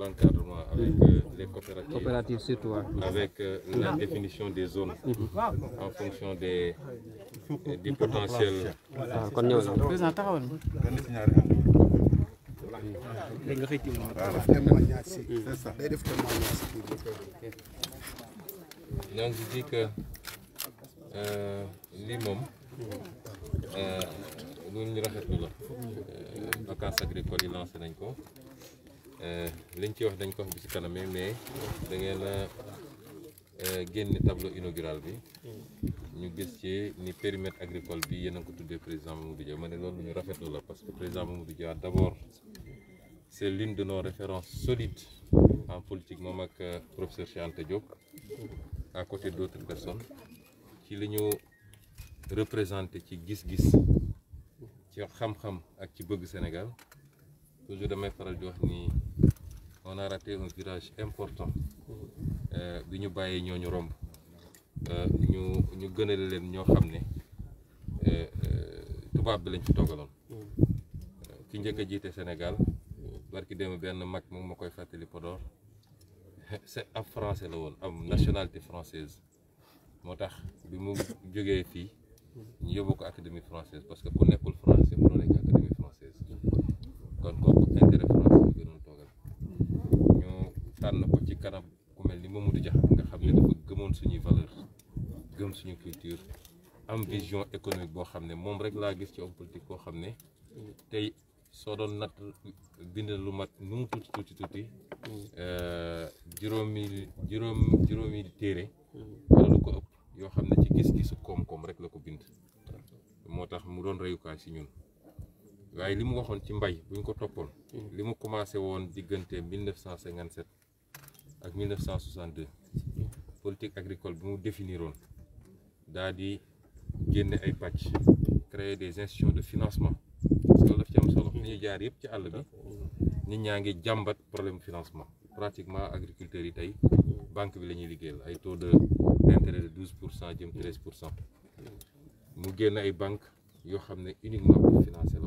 l'encadrement avec euh, les coopératives, coopératives surtout, hein. avec euh, la définition des zones en fonction des, des potentiels. Donc je dis que euh, l'imam, euh, nous ne rachetons pas. Vacances agricoles, il lance d'un coup. Eh, liñ ci wax dañ ko wax bi ci kanamee mais da ngeen euh génné tableau inaugural bi ñu gis ci ni périmètre agricole bi yéen ko tuddé président Mamadou Dia mané ne loolu ñu rafetlu la parce que président Mamadou Dia d'abord c'est l'une de nos références solides en politique mom ak euh, professeur Cheikh Anta Diop à côté d'autres personnes ci li ñu représenté ci gis-gis ci xam-xam ak ci bëgg Sénégal toujours damay faral di wax ni on a un virage important euh, bi ñu bàyyee ñooñu romb euh, ñu gënale leen ñoo xam ne euh, tubaab bi lañ fi toogaloon ki njëkk a jiite Sénégal barki dem benn mag mu ma koy fàttali Podor c'est ab français la woon am nationalité française moo tax bi mu jógee fii ñu yóbbu ko académie française parce que ku nekkul français mënoo nekk kon kooku intérêt France bi gënoon toogal tànn ko ci kanam ku mel ni Mamadou Diakhaté nga xam ne dafa gëmoon suñuy valeur gëm suñu culture am vision économique boo xam ne moom rek laa gis ci homme politique koo xam ne tey soo doon natt bind lu mat nu mu tuuti tuuti tuuti euh, juróomi juróom juróomi téere wala lu ko ëpp yoo xam ne ci gis-gisu koom-koom rek la ko bind moo tax mu doon reyukaay si ñun waaye li mu waxoon ci mbay buñ ko toppoon li mu commencé woon 1957 ak 1962 politique agricole bi mu définiroon daa di génne ay créer des institutions de financement loolu daf ci am solo ni ñu jaar yëpp ci àll bi nit ñaa ngi jàmbat problème financement pratiquement agriculteurs yi tey banque bi la ñuy liggéeyal ay taux de d'intérêt de 12 pour 13 Nous cent mu génn ay banque yoo ne uniquement pour financer la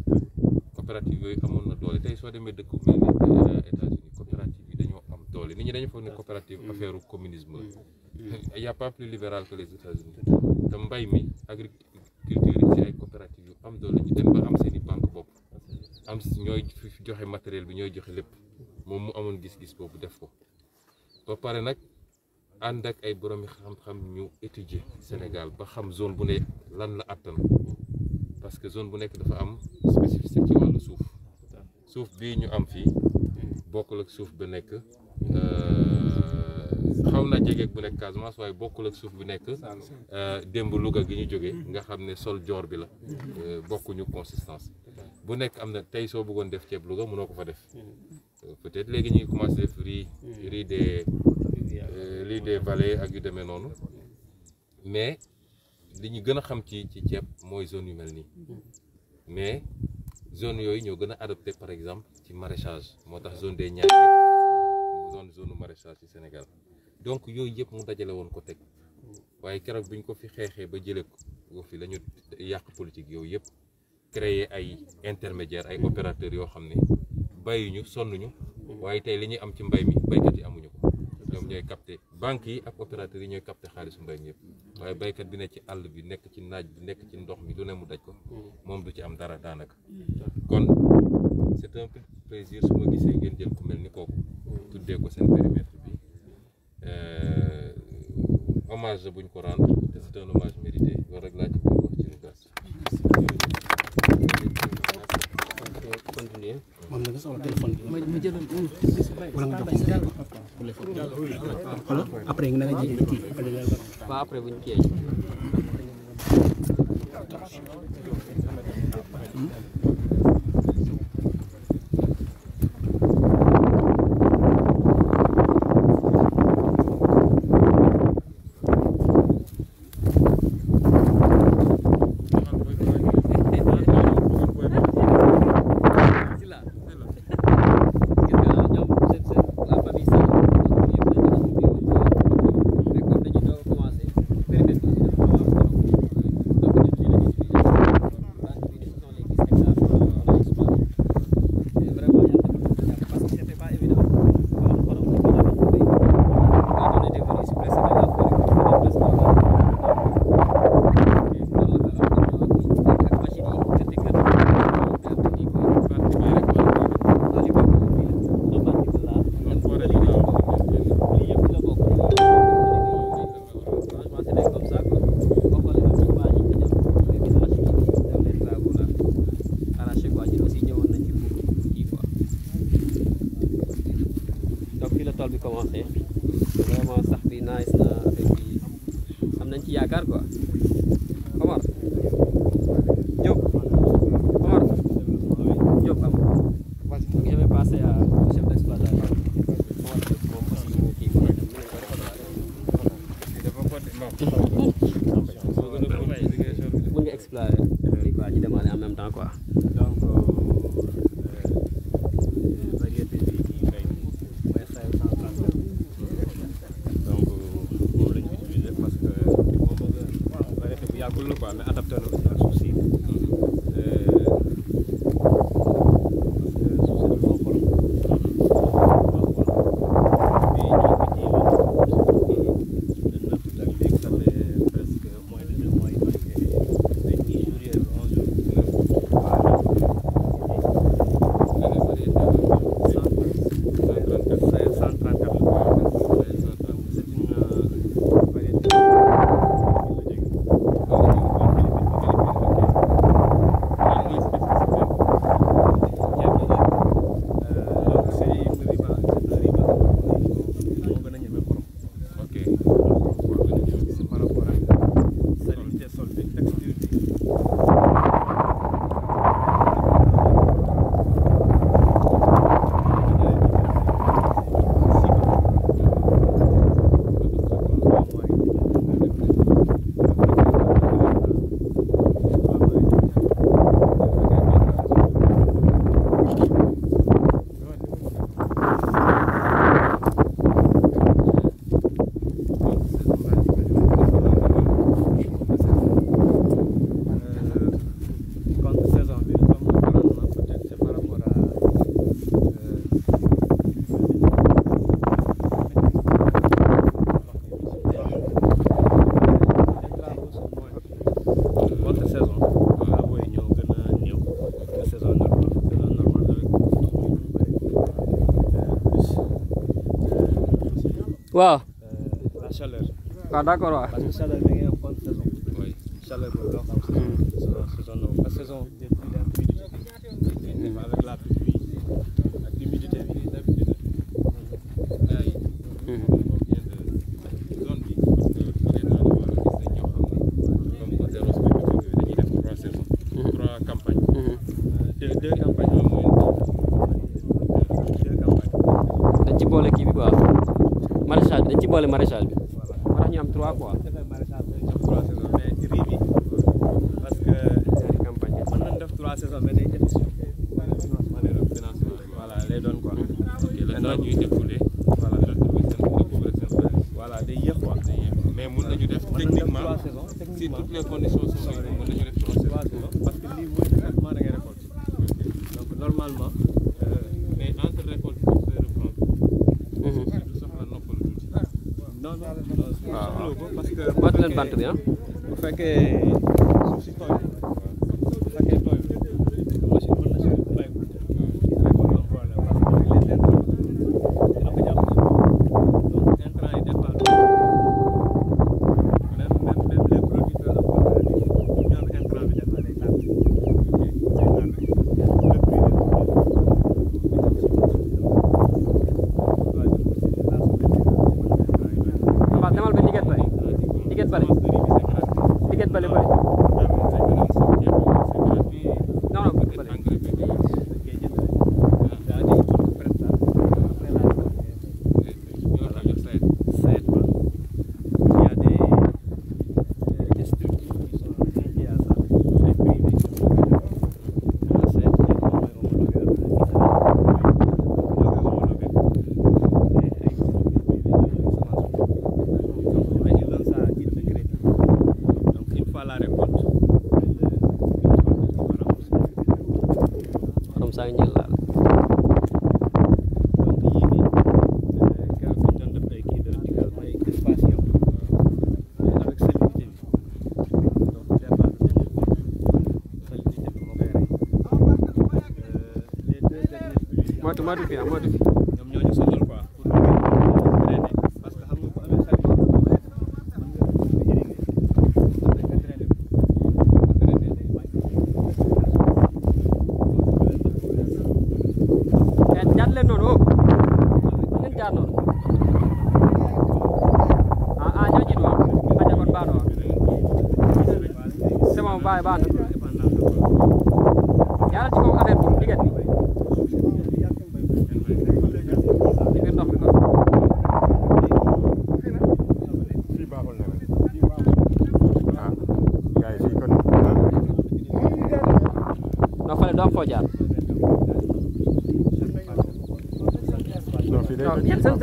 coopérative yooyu amoon na doole tey soo demee dëkk bu mel ni euh, États-Unis coopérative yi dañoo am doole nit ñi dañu foog ne coopérative mm. affaire communisme la mm. Mm. y a pas plus libéral que les États-Unis te mbay mi agriculture yi ci ay coopérative yu am doole ñu dem ba am seen i banque bopp am ñooy joxe matériel bi ñooy joxe lépp moom mu amoon gis-gis boobu def ko ba pare nag ànd ak ay boroomi xam-xam ñu étudier Sénégal ba xam zone bu ne lan la attan parce que zone bu nekk dafa am spécificité ci wàllu suuf suuf bii ñu am fii bokkul ak suuf bu nekk euh, xaw naa jege bu nekk Casamance waaye bokkul ak suuf bu nekk euh, démb Louga gi ñu jóge nga xam ne sol joor bi la euh, bokkuñu consistance bu nekk am na tey soo bëggoon def ceeb Louga mënoo ko fa def peut-être léegi ñu ngi commencé def riz riz des riz ak yu demee noonu mais li ñu gën a xam ci ci ceeb mooy zone yu mel nii mm-hmm. mais zone yooyu ñoo gën a adopté par exemple ci maraîchage moo tax zone des Niayes zone doon zone maraîchage ci Sénégal donc yooyu yëpp mu dajale woon ko teg waaye keroog bi ñu ko fi xeexee ba jëlee ko fi la ñu yàq politique yooyu yëpp créer ay intermédiaires ay opérateurs yoo xam ne bàyyi ñu sonn ñu mm-hmm. waaye tey li ñuy am ci mbay mi baykat yi amuñu ñoom ñooy capté banque yi ak opérateurs yi ñooy capté xaalisu mbay mi yëpp waaye baykat bi ne ci àll bi nekk ci naaj bi nekk ci ndox mi lu ne mu daj ko mm. moom du ci am dara daanaka mm. kon c'est un plaisir su ma gisee ngeen jël ko mel ni kooku mm. tuddee ko seen périmètre bi euh, hommage la bu ko rendre te c'est un hommage mérité rek laa ci bëgg ci lu gàtt moom da nga soxla wala nga jox ko. après nga ji ñu kii waaw. Eh, la chaleur. waaw d'accord waaw. boole maraîchage bi moo tax ñu am trois fois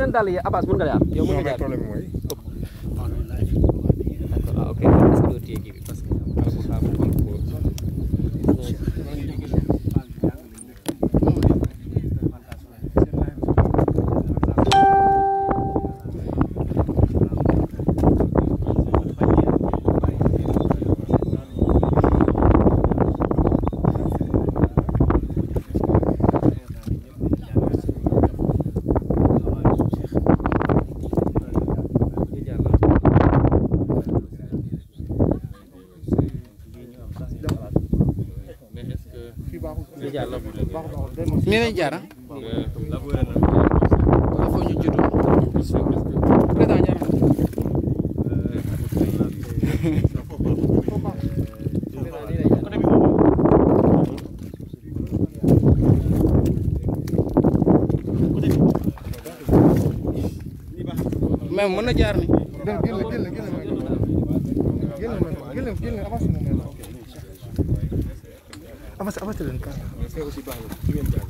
seen dàll yi Abass mën nga jaar yow mën nga jaar problème mooy mi ne jara mais mën na jaar 休息吧，随便讲。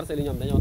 parcelles yi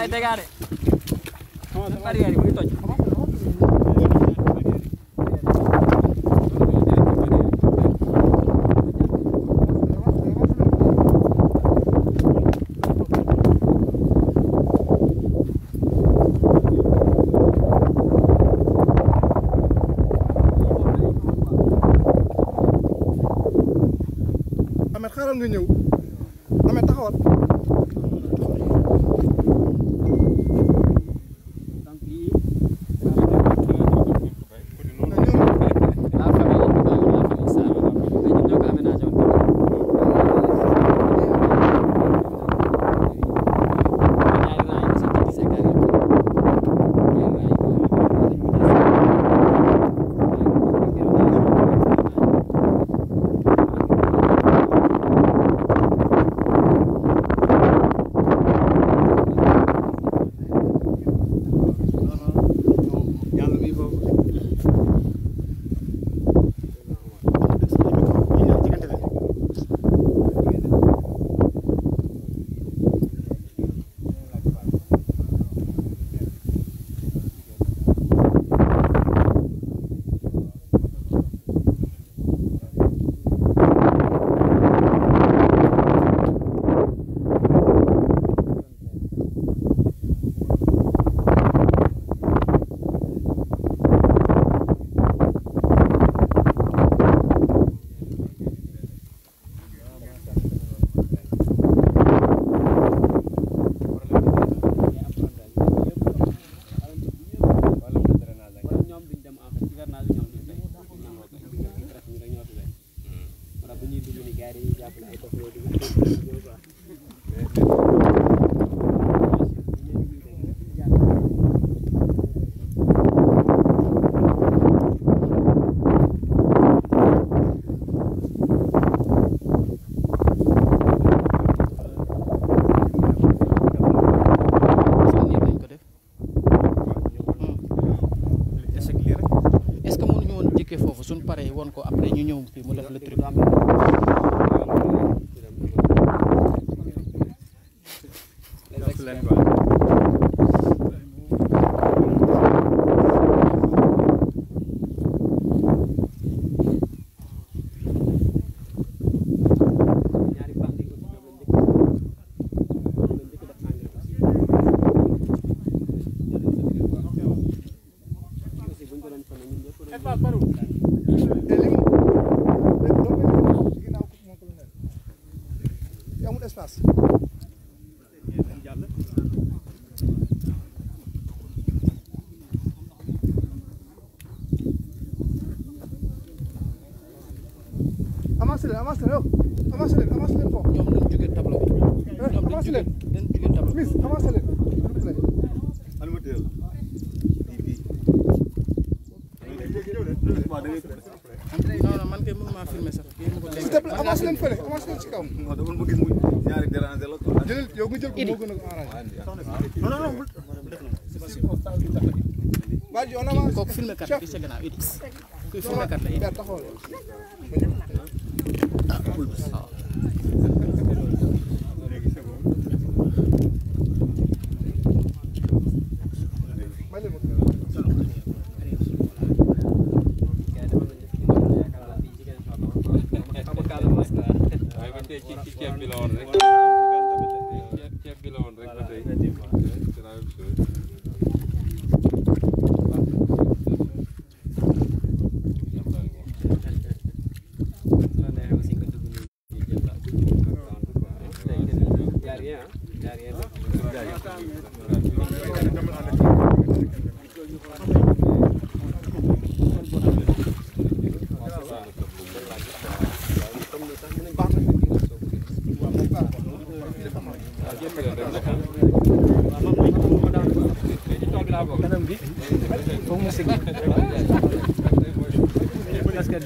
Alright, they got it. Somebody got it. Idi kooku filmé kat bi ci gannaaw Idi kuy filmé kat la Idi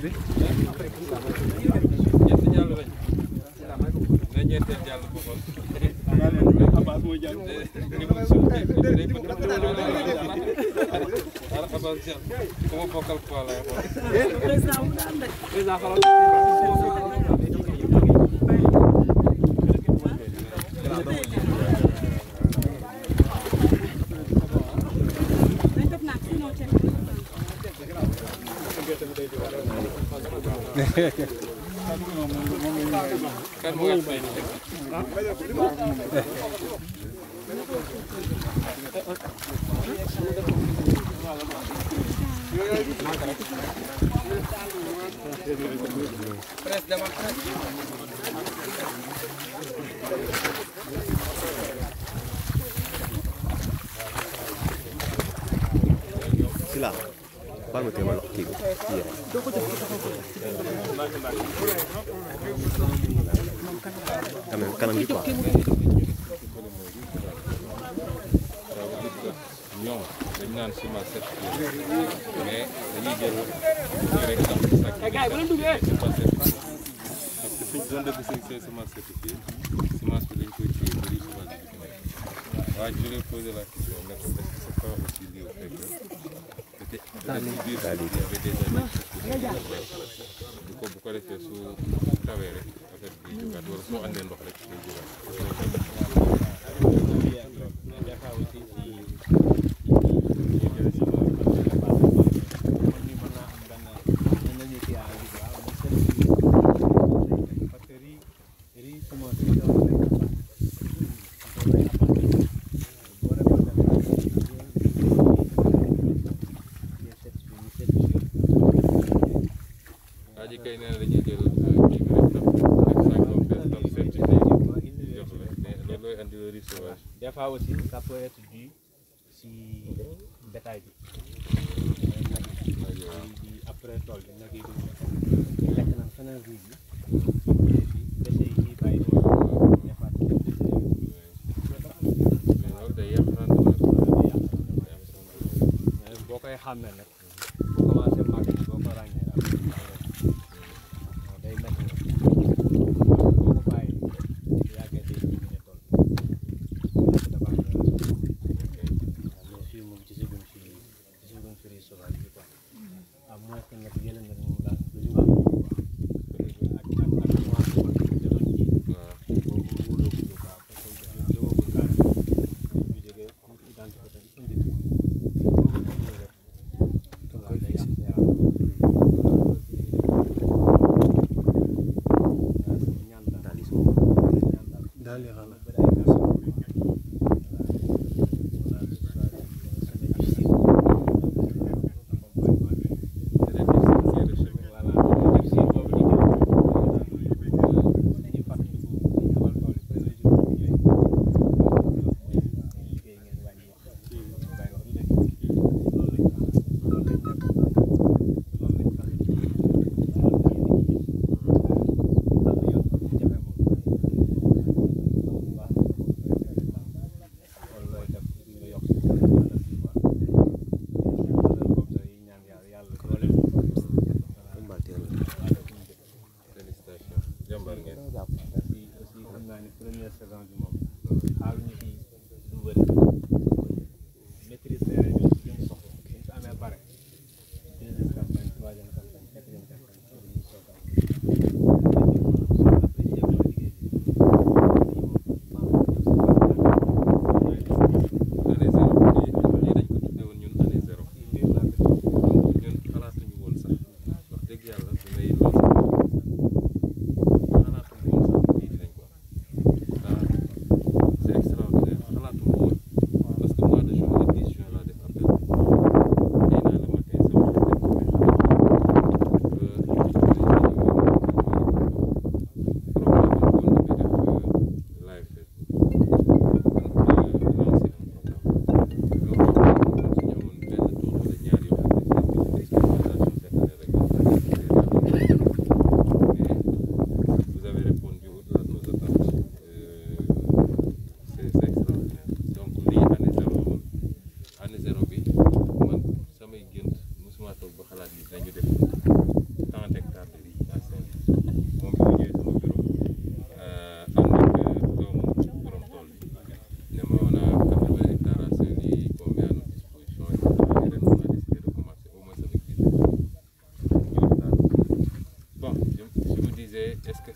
ಇದ್ರಿ fekkee su tawee rek affaire bi jógaat wala soo andee ndox doit être dû si bi après tool bi nag yi lekk na feneen ruuj bi dese yi ciy bàyyi defaat boo koy xàmmee nag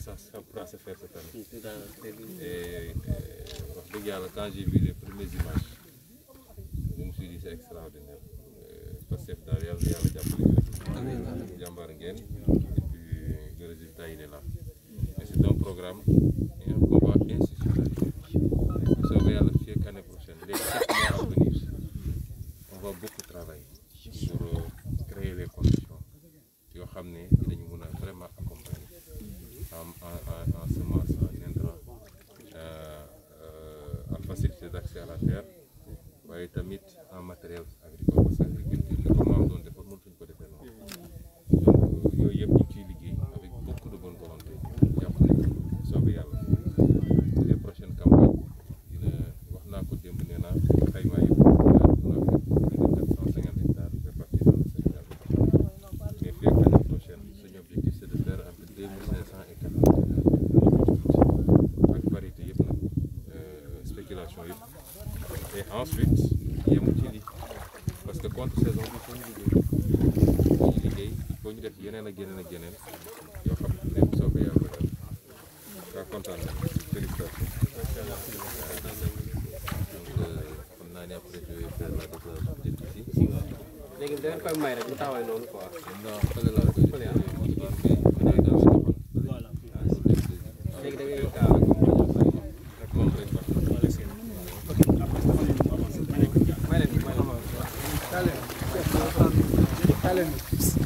a pra se fez cette année. Et, et, et, ak yeneen yoo xam ne lépp soo ko yàlla def daa kontaan na jërëjëf donc xam naa ne après je vais faire la déclaration d' ici. léegi dinañ koy may rek mu taxawee noonu quoi. non fële laa koy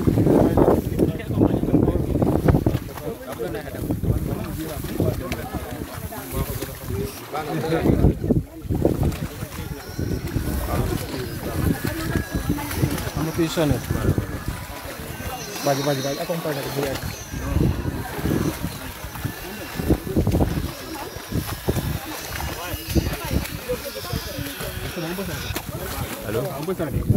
Thank you. pisan eh. Bagi bagi bagi aku entar dari dia. Halo. Halo.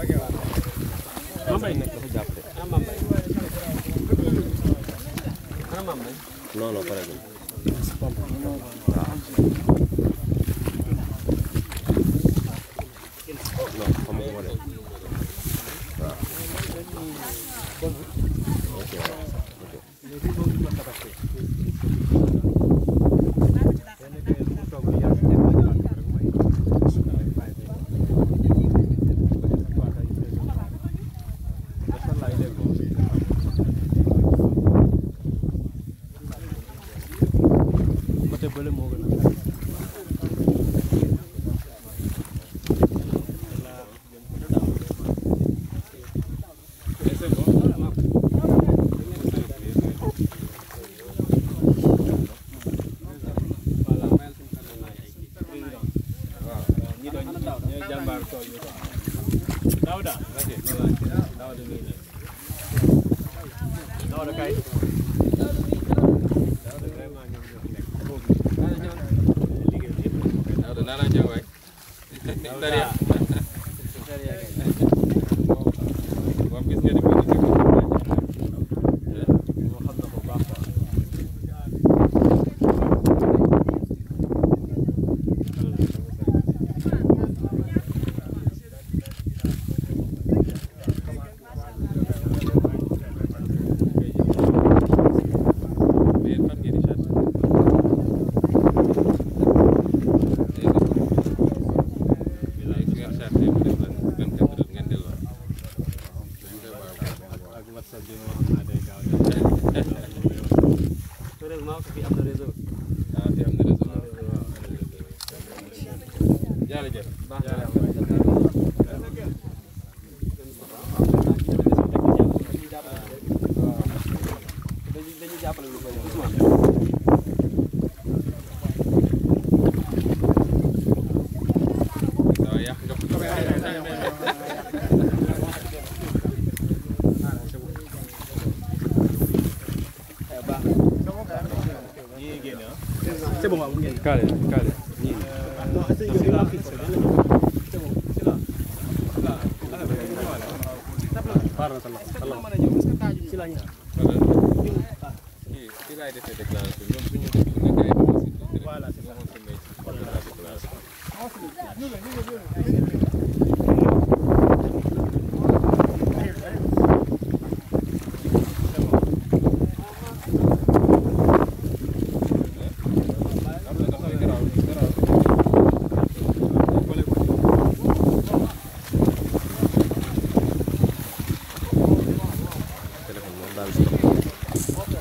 Você bom, alguém. Cara. Вот он.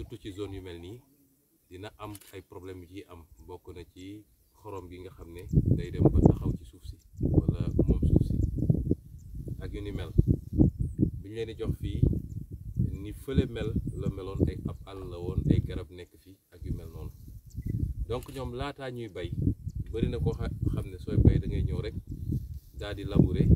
surtout ci zone yu mel nii dina am ay problème yu ciy am bokk na ci xorom gi nga xam ne day dem ba taxaw ci suuf si wala moom suuf si ak yu ni mel bi ñu leen di jox fii ni fële mel la meloon ay ab àll la woon ay garab nekk fii ak yu mel noonu donc ñoom laataa ñuy bay bëri na koo xam ne sooy bay da ñëw rek daal di labourer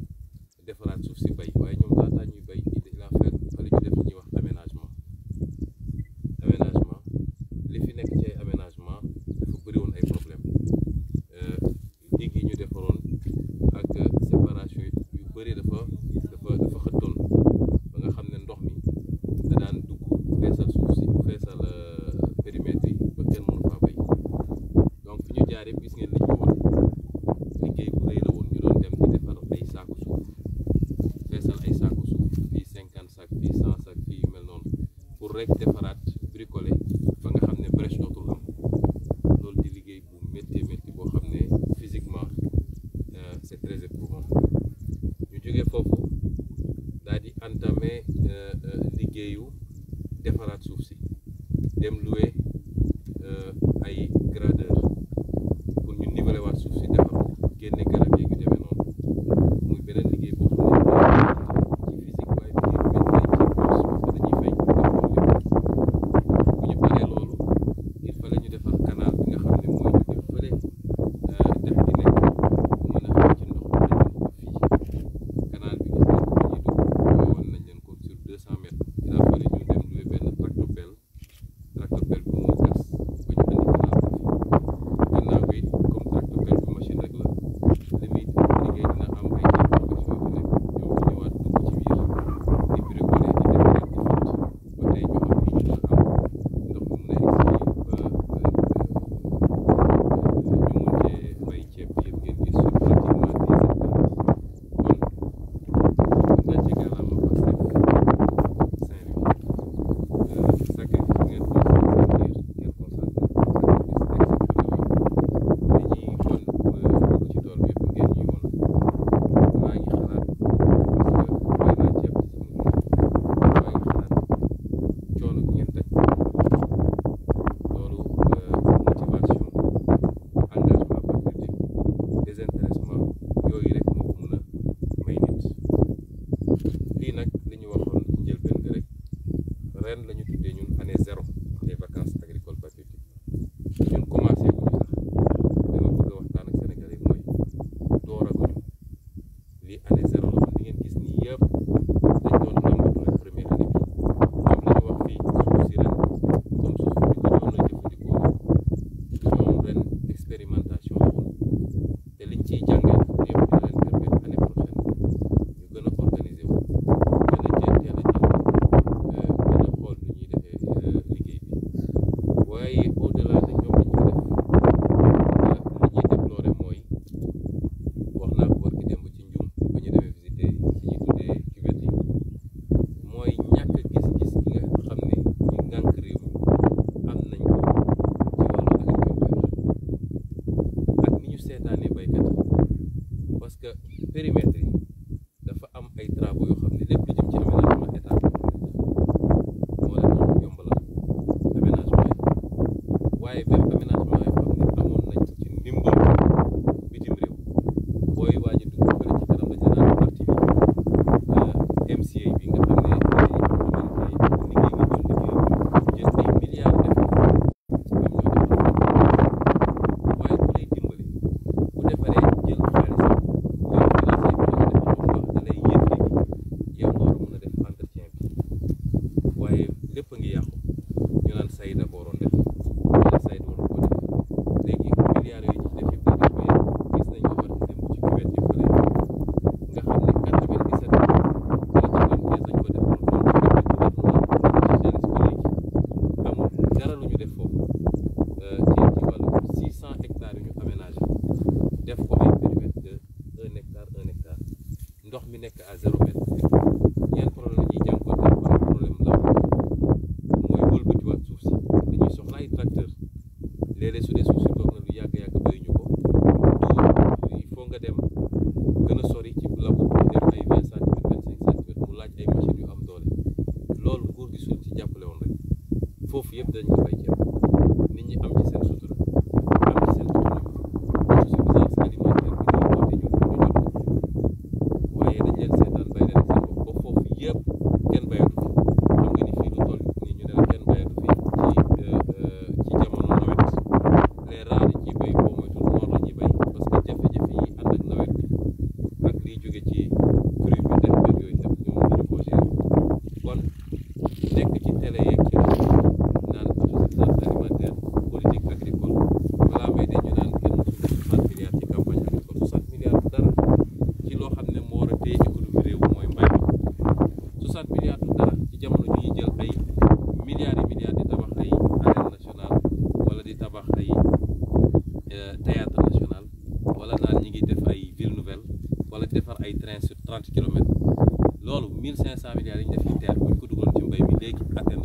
Henrique. Ah, eu...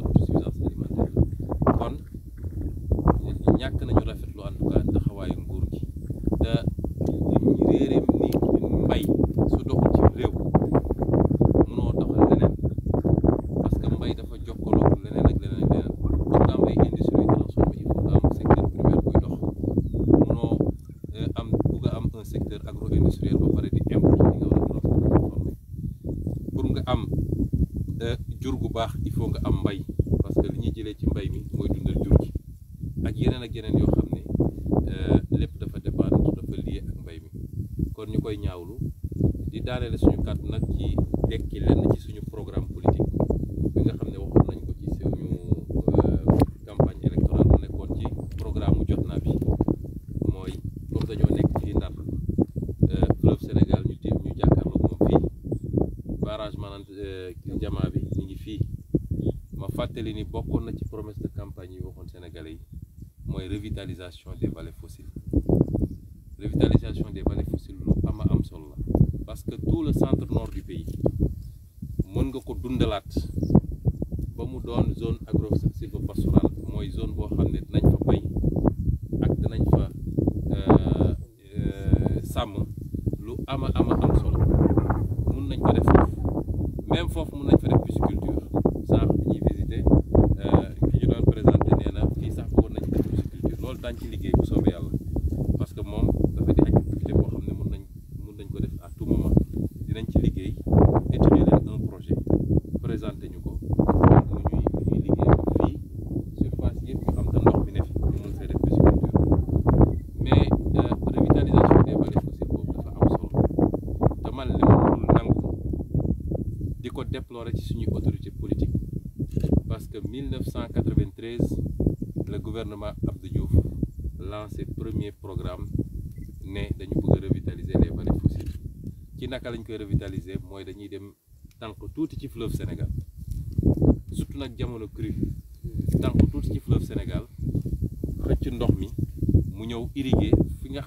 daaneele suñu kàddu nag ci dekki lenn ci suñu programme politique bi nga xam ne waxoon nañ ko ci suñu euh, campagne électorale mu nekkoon ci programme mu jot naa bi mooy moom dañoo nekk fii Ndar euh, fleuve Sénégal ñu tiim ñu jàkkaarloog moom fii barrage euh, jamaa bi ñu ngi fii ma fàttali ni bokkoon na ci promesse de campagne yi waxoon Sénégalais yi mooy revitalisation des déplorer ci suñu autorité politique parce que 1993 le gouvernement Abdou Diouf le premier programme né dañu bëgg revitaliser les vallées fossiles ci naka lañ koy revitaliser moy dañuy dem tank tout ci fleuve Sénégal surtout nak jamono cru, tank tout ci fleuve Sénégal xëcc ndox mi mu ñëw irriguer fi nga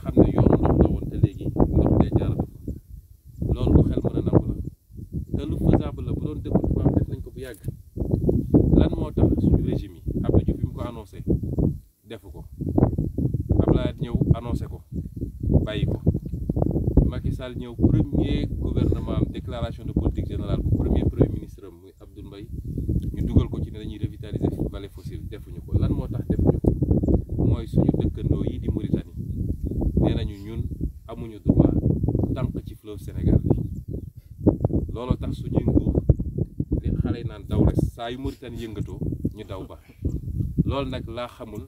saa yu Mauritanie yëngatoo ñu daw ba loolu nag laa xamul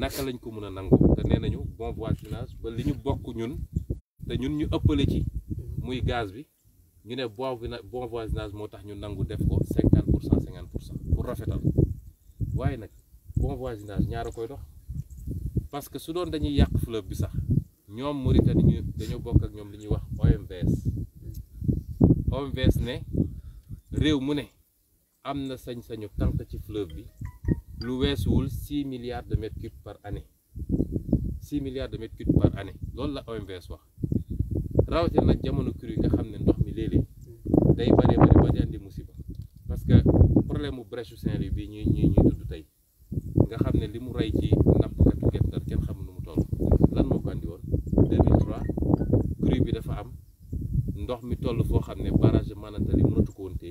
naka lañ ko mën a nangoo te nee nañu bon voisinage ba li ñu bokk ñun te ñun ñu ëppale ci muy gaz bi ñu ne bon voisinage moo tax ñu nangu def ko cinquante pour cent cinquante pour cent pour rafetal waaye nag bon voisinage ñaara koy dox parce que su doon dañuy yàq fleuve bi sax ñoom Mauritanie ñu bokk ak ñoom li ñuy wax OMVS ne réew mu ne Amna sañ-sañu tank ci fleuve bi lu weesuwul 6 milliards de mètres cubes par année 6 milliards de mètres cubes par année lool la OMVS wax rawati na jamono kuri nga xam ndox mi lélé day bari bari ba di andi musiba parce que problème brèche Saint-Louis bi ñuy ñuy ñuy tuddu tay nga xam limu ray ci nap kat Ndar kenn xam nu mu toll lan moo ko andi won 2003 kuri bi dafa am ndox mi toll foo xam ne barrage Manantali mënatu ko wonté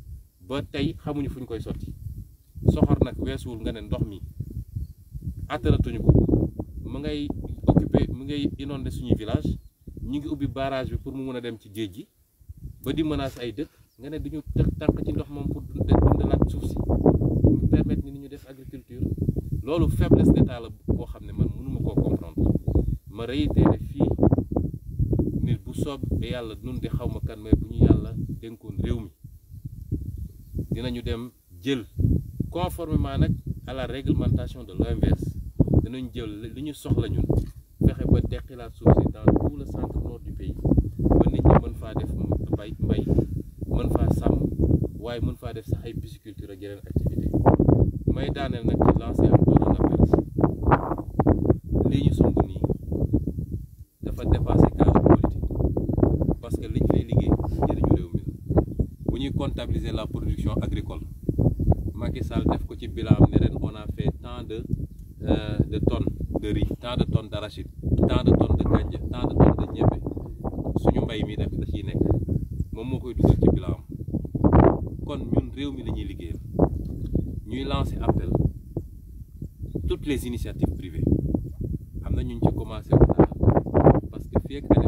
ba tay xamuñu fuñ koy soti soxor nak wessul nga ne ndox mi atalatuñu ko ma ngay occuper mu ngay inonder suñu village ñi ngi ubbi barrage bi pour mu mëna dem ci géej gi ba di menace ay dëkk nga ne duñu tëx tànk ci ndox mom pour dundalaat suuf ci mu permettre ni ñu def agriculture lolu faiblesse d'état la bo xamne ne man mënuma koo comprendre ma réitéré fi nit bu yalla nun di xawma kan may buñu yalla denkon ñu dem jël conformément nag à la réglementation de l'OMVS dinañ jël li ñu soxla ñun fexe ba deqilaat suuf si dans tout le cinq nord du pays ba nit ñi mën faa def mbay mbay mën faa sàmm waaye mën faa def sax ay pisciculture ak yeneen activité may daaneel nag ci lancer encore un appel lii ñu comptabiliser la production agricole Macky Sall def ko ci bilan on a fait tant de euh, de tonnes de riz tant de tonnes d'arachide tant de tonnes de kanja tant de tonnes de ñebbe suñu mbay mi def da ci nek mom moo koy dugal ci bilan kon ñun réew mi la ñuy liggéeyal ñuy lancer appel toutes les initiatives privées Amna ñun ci commencer parce que fii ak année